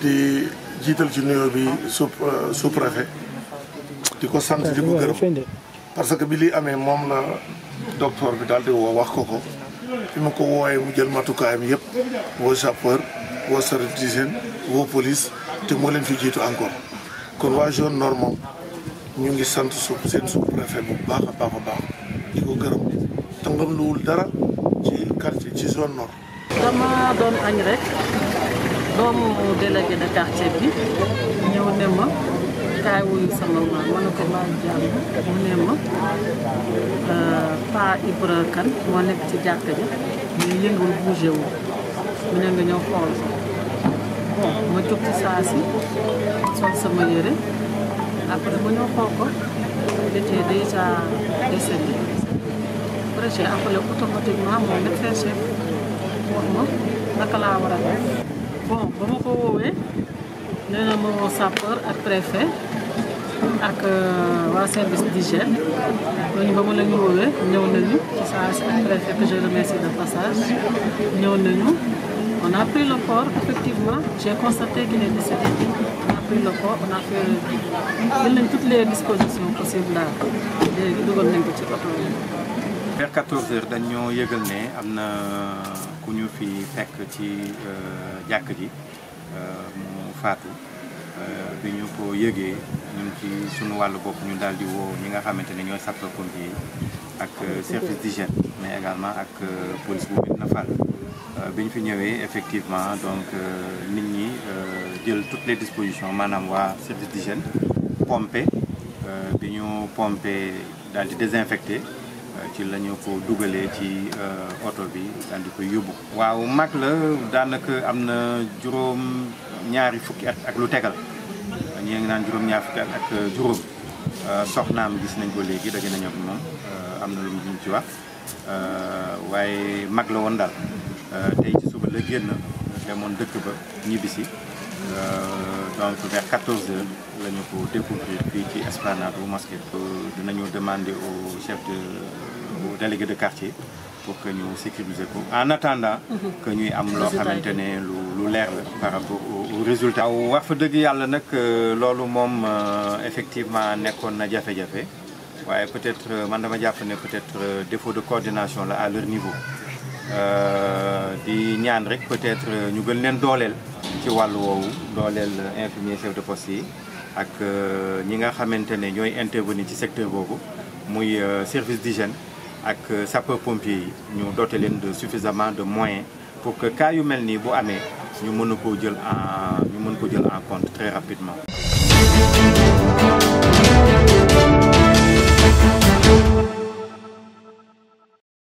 di jiital ci nuyoo bi sous euh, sous di ko sant di ko gërëm parce que bi li amee moom la docteur bi daal di woo wax ko ko fi ma ko woowee mu jël matukaayam yëpp woo sapeur woo service d'hygiène police te moo leen fi jiitu encore kon waa zone nord moom ñu ngi sant suuf seen sous préfet bu baax a baax a baax di ko gërëm tangam luwul dara ci quartier ci zone nord dama doon añ rek doomu délégué de quartier bi ñëw ne ma kaay sama maam ma ne ko maa jàmm mu ne ma euh, Ibra Kane moo nekk ci jàkka ja ñu yëngul bougé wu mu ne nga ñëw xool ma jóg saa si sol sama yére après bu ñëw xool ko il était déjà décédé projet après automatiquement moom def fee chef ma naka laa war a def bon ba vous voyez nous avons un ma sapeur un préfet avec un service d'hygiène nous avons ma la ñu woowee ñëw nañu ci préfet que je remercie de passage ñëw nañu on a pris le corps effectivement j'ai constaté qu'il est décédé on a pris le corps on a fait toutes les dispositions possibles daal léegi dugal nañ ko vers 14 heures nous ne fi fekk ci euh, euh, euh, ko ñun ci suñu service d'hygiène mais également ak police bu effectivement donc nit toutes les dispositions manam wa service d'hygiène pomper nous pomper désinfecter. ci la ñu ko dugalee ci euh, oto bi daal di ko yóbbu. waaw mag la daanaka am na juróom ñaari fukki at ak lu tegal ñu ngi naan juróom ñaar fukki at ak euh, juróom euh, soxnaam gis nañ ko léegi daje nañu ak moom am na lu mu ci wax waaye mag la woon daal tey ci suba la génn. demoon dëkk ba ñibbisi euh, donc vers 14 heures la ñu ko découvrir fii ci esplanade bu mosquée euh, dinañu demander au chef de au délégué de quartier pour que nous sécuriser en attendant mhm. que ñuy am loo l'air l'air par rapport au résultat waaw wax fa dëgg que nag euh, loolu moom effectivement nekkoon na jafe fait, ouais peut-être man dama peut-être défaut de coordination là à leur niveau euh, di ñaan rek peut-être ñu gën leen dooleel ci walu wowo dolel infirmier chef de poste ak euh, ñi nga xamantene ñoy intervenir ci secteur bobu muy euh, service d'hygiène ak sapeur pompier ñu doté len de suffisamment de moyens pour que cas yu melni bu amé ñu mëna ko jël en ñu mëna ko jël en compte très rapidement